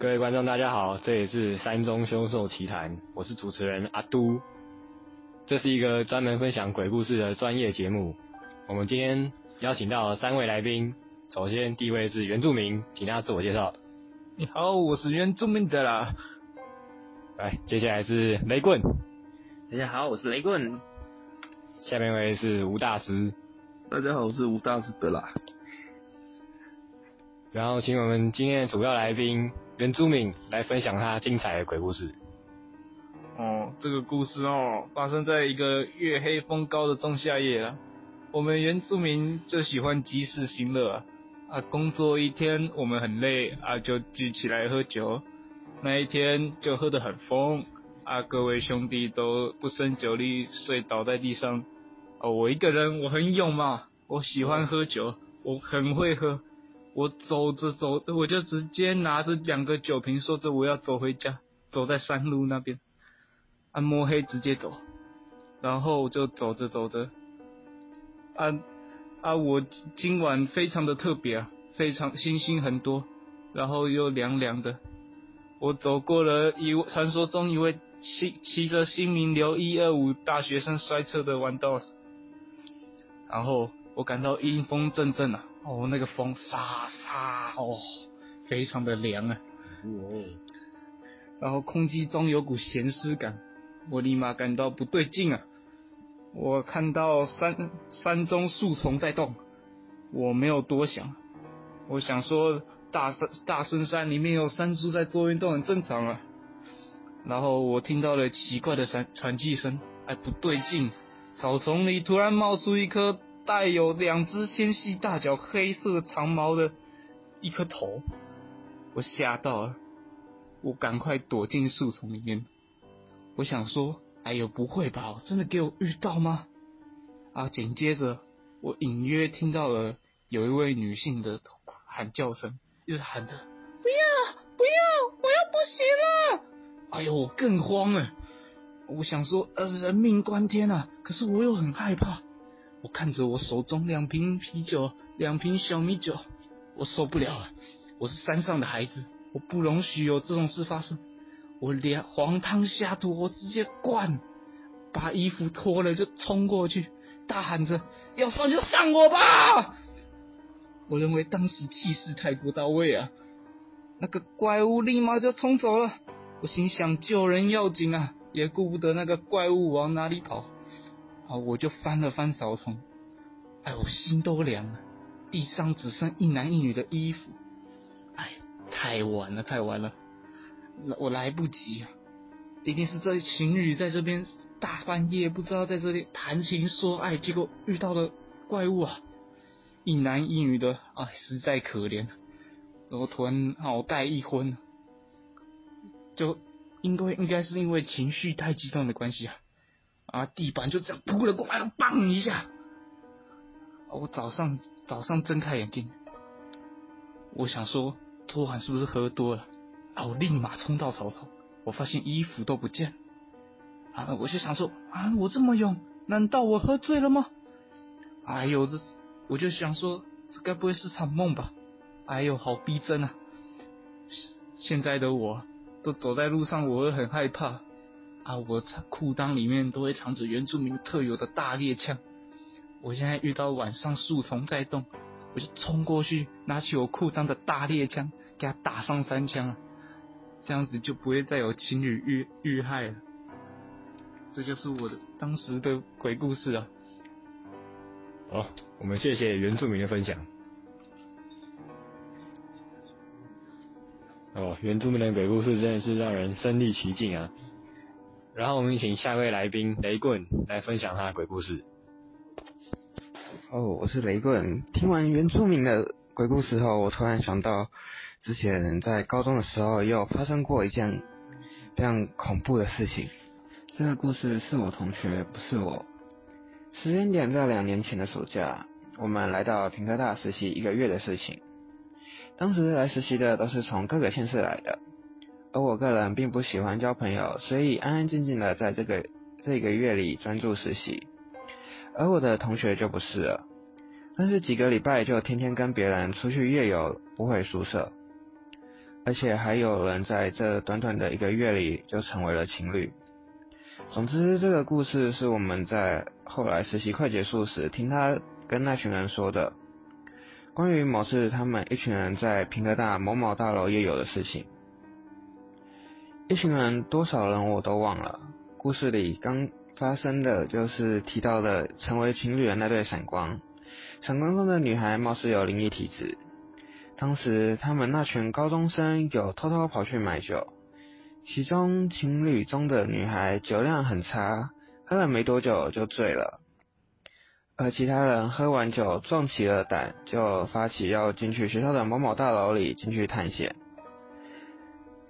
各位觀眾，大家好，這裡是《山中凶獸奇談》，我是主持人阿都。這是一個專門分享鬼故事的專業節目。我們今天邀請到三位來賓，首先第一位是原住民，請大家自我介紹。你好，我是原住民的啦。來，接下來是雷棍。大家好，我是雷棍。下面一位是吳大師。大家好，我是吳大師的啦。然後，請我們今天的主要來賓。原住民來分享他精彩的鬼故事。哦，這個故事哦，發生在一個月黑風高的仲夏夜啊。我們原住民就喜歡及時行樂啊，啊，工作一天我們很累啊，就聚起來喝酒。那一天就喝得很瘋啊，各位兄弟都不勝酒力，睡倒在地上。哦、啊，我一個人我很勇嘛，我喜歡喝酒，嗯、我很會喝。我走着走，我就直接拿着兩個酒瓶，說着我要走回家。走在山路那邊，啊，摸黑直接走。然後我就走着走着，啊啊！我今晚非常的特別啊，非常星星很多，然後又涼涼的。我走過了一傳說中一位騎騎着新名流一二五大學生摔車的彎道，然後。我感到陰風陣陣啊！哦，那個風沙沙、啊啊，哦，非常的涼啊、哦。然後空氣中有股鹹濕感，我立馬感到不對勁啊！我看到山山中樹叢在動，我沒有多想，我想說大山大深山裡面有山豬在做運動，很正常啊。然後我聽到了奇怪的喘喘氣聲，哎，不對勁！草叢裡突然冒出一顆。帶有兩隻纖細大腳、黑色長毛的一顆頭，我嚇到了，我趕快躲進樹叢裡面。我想說：“哎呦，不會吧？我真的給我遇到嗎？”啊，緊接着我隱約聽到了有一位女性的喊叫聲，一直喊着：“不要，不要，我要不行了！”哎呦，我更慌了。我想說：“呃，人命關天啊！”可是我又很害怕。我看着我手中兩瓶啤酒、兩瓶小米酒，我受不了了。我是山上的孩子，我不容許有這種事發生。我連黃湯下肚，我直接灌，把衣服脫了就衝過去，大喊着：“要上就上我吧！”我認為當時氣勢太過到位啊，那個怪物立馬就衝走了。我心想救人要緊啊，也顧不得那個怪物往哪裡跑。好，我就翻了翻草叢，哎，我心都涼了。地上只剩一男一女的衣服，哎，太晚了，太晚了，我來不及啊！一定是這情侶在這邊大半夜不知道在這裡談情說愛，結果遇到了怪物啊！一男一女的，啊，實在可憐。然後突然腦袋一昏，就應該應該是因為情緒太激動的關係啊。啊！地板就這樣撲了過來，砰一下！啊！我早上早上睜開眼睛，我想說昨晚是不是喝多了？啊！我立馬衝到草叢，我發現衣服都不見了。啊！我就想說啊，我這麼勇，難道我喝醉了嗎？哎呦，這我就想說，這該不會是場夢吧？哎呦，好逼真啊！現在的我都走在路上，我會很害怕。啊！我褲襠裡面都會藏着原住民特有的大獵槍。我現在遇到晚上樹叢在動，我就衝過去拿起我褲襠的大獵槍，給他打上三槍、啊、這樣子就不會再有情侶遇遇害了。這就是我的當時的鬼故事啊！好、哦，我們謝謝原住民的分享。哦，原住民的鬼故事真的是讓人身歷其境啊！然後我們請下一位來賓雷棍來分享他的鬼故事。哦，我是雷棍。聽完原住民的鬼故事後，我突然想到之前在高中的時候，又發生過一件非常恐怖的事情。這個故事是我同學，不是我。時間點在兩年前的暑假，我們來到屏科大實習一個月的事情。當時來實習的都是從各個縣市來的。而我個人並不喜歡交朋友，所以安安靜靜的在這個這個月裡專注實習。而我的同學就不是了，但是幾個禮拜就天天跟別人出去夜遊，不回宿舍，而且還有人在這短短的一個月裡就成為了情侶。總之，這個故事是我們在後來實習快結束時聽他跟那群人說的，關於某次他們一群人在屏科大某某大樓夜遊的事情。一群人，多少人我都忘了。故事裡剛發生的就是提到的成為情侶的那對閃光，閃光中的女孩貌似有靈異體質。當時他們那群高中生有偷偷跑去買酒，其中情侶中的女孩酒量很差，喝了沒多久就醉了。而其他人喝完酒壯起了膽，就發起要進去學校的某某大樓裡進去探險。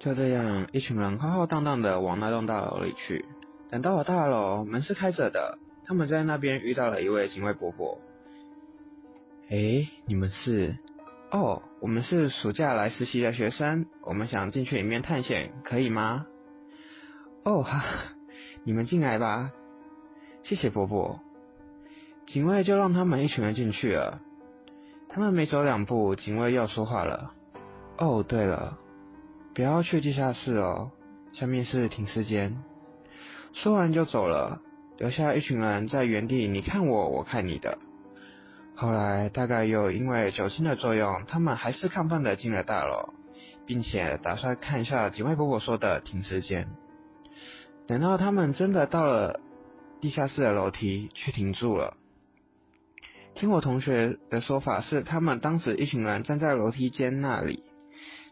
就這樣，一群人浩浩蕩，蕩蕩的往那棟大樓裡去。等到了大樓，門是開着的，他們在那邊遇到了一位警衛伯伯。誒、欸，你們是？哦，我們是暑假來實習的學生，我們想進去裡面探險，可以嗎？哦，哈，哈，你們進來吧。謝謝伯伯。警衛就讓他們一群人進去了。他們沒走兩步，警衛又說話了。哦，對了。不要去地下室哦，下面是停屍間。說完就走了，留下一群人在原地，你看我，我看你的。後來大概又因為酒精的作用，他們還是亢奮的進了大樓，並且打算看一下警衛伯伯說的停屍間。等到他們真的到了地下室的樓梯，卻停住了。聽我同學的說法是，他們當時一群人站在樓梯間那裡。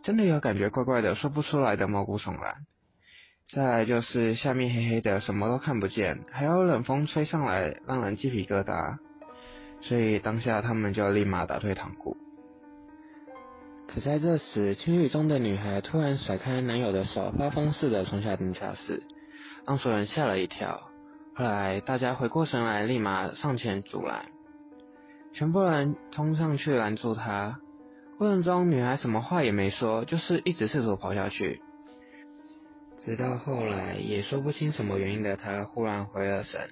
真的有感覺怪怪的，說不出來的毛骨悚然。再來就是下面黑黑的，什麼都看不見，還有冷風吹上來，讓人雞皮疙瘩。所以當下他們就立馬打退堂鼓。可在這時，情侶中的女孩突然甩開男友的手，發瘋似的衝下地下室，讓所有人嚇了一跳。後來大家回過神來，立馬上前阻攔，全部人衝上去攔住她。過程中，女孩什麼話也沒說，就是一直試圖跑下去。直到後來，也說不清什麼原因的她忽然回了神，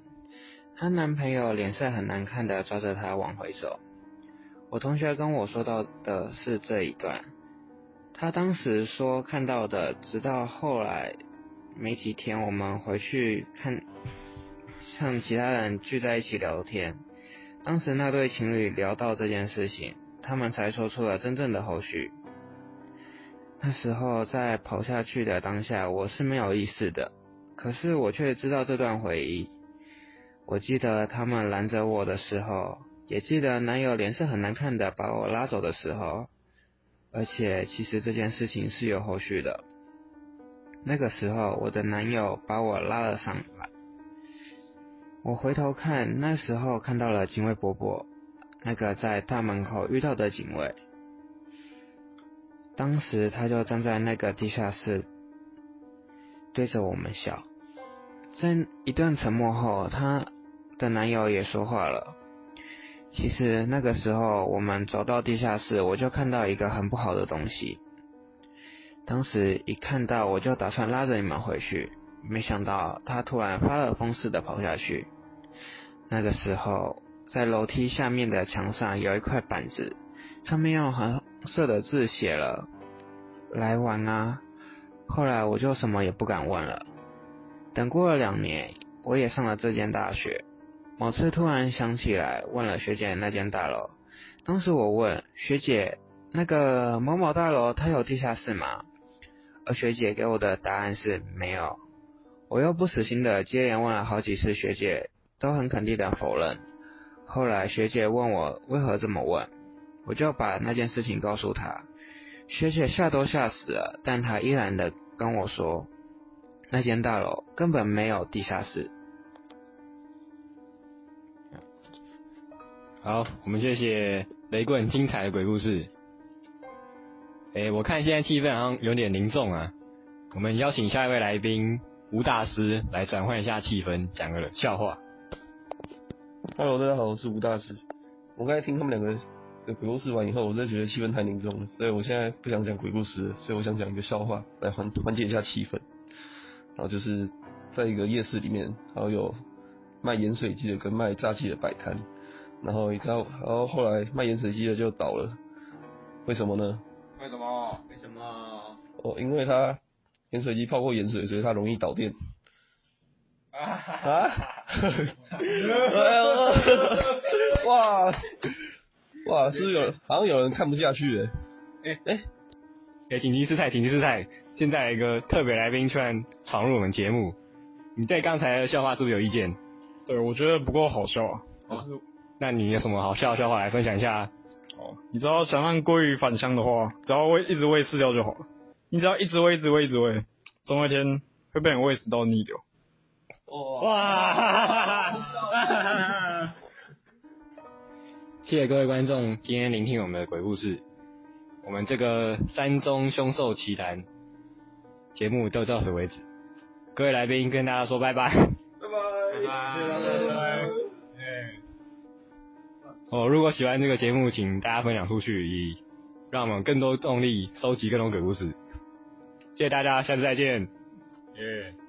她男朋友臉色很難看的抓着她往回走。我同學跟我說到的是這一段，她當時說看到的，直到後來沒幾天，我們回去看，像其他人聚在一起聊天，當時那對情侶聊到這件事情。他們才說出了真正的後續。那時候在跑下去的當下，我是沒有意識的，可是我卻知道這段回憶。我記得他們攔着我的時候，也記得男友臉色很難看的把我拉走的時候。而且其實這件事情是有後續的。那個時候，我的男友把我拉了上來，我回頭看，那時候看到了警衛伯伯。那個在大門口遇到的警衛，當時他就站在那個地下室，對着我們笑。在一段沉默後，他的男友也說話了。其實那個時候，我們走到地下室，我就看到一個很不好的東西。當時一看到，我就打算拉着你們回去，沒想到他突然發了瘋似的跑下去。那個時候。在樓梯下面的牆上有一塊板子，上面用紅色的字寫了“來玩啊”。後來我就什麼也不敢問了。等過了兩年，我也上了這間大學。某次突然想起來，問了學姐那間大樓。當時我問學姐：“那個某某大樓它有地下室嗎？”而學姐給我的答案是“沒有”。我又不死心的接連問了好幾次，學姐都很肯定的否認。後來學姐問我為何這麼問，我就把那件事情告訴她。學姐嚇都嚇死了，但她依然的跟我說，那間大樓根本沒有地下室。好，我們謝謝雷棍精彩的鬼故事。哎、欸，我看現在氣氛好像有點凝重啊，我們邀請下一位來賓吳大師來轉換一下氣氛，講個笑話。Hello，大家好，我是吳大師。我剛才聽他們兩個的鬼故事完以後，我真的覺得氣氛太凝重了，所以我現在不想講鬼故事了，所以我想講一個笑話來緩緩解一下氣氛。然後就是在一個夜市裡面，然後有賣鹽水雞的跟賣炸雞的擺攤，然後你知道，然後後來賣鹽水雞的就倒了，為什麼呢？為什麼？為什麼？哦，因為它鹽水雞泡過鹽水，所以它容易導電。啊！哈哈，哈哈哇哇，哇是，是有？好像有人看不下去哎！誒、欸、誒。哎、欸，緊急事態，緊急事態，現在一個特別來賓突然闖入我們節目，你對剛才的笑話是不是有意見？對，我覺得不夠好笑啊、哦！那你有什麼好笑的笑話來分享一下？哦，你知道，想讓鮭魚返鄉的話，只要餵一直餵飼料就好了。你只要一直餵，一直餵，一直餵，總有一天會被人餵死到膩掉。哇！哈哈哈！謝謝各位觀眾今天聆聽我們的鬼故事，我們這個《山中凶獸奇談》節目就到此為止。各位來賓跟大家說拜拜，拜，拜，拜拜，拜拜，拜拜！拜拜哎，我、yeah 哦、如果喜歡這個節目，請大家分享出去，以讓我們更多動力收集更多鬼故事。謝謝大家，下次再見。耶、yeah。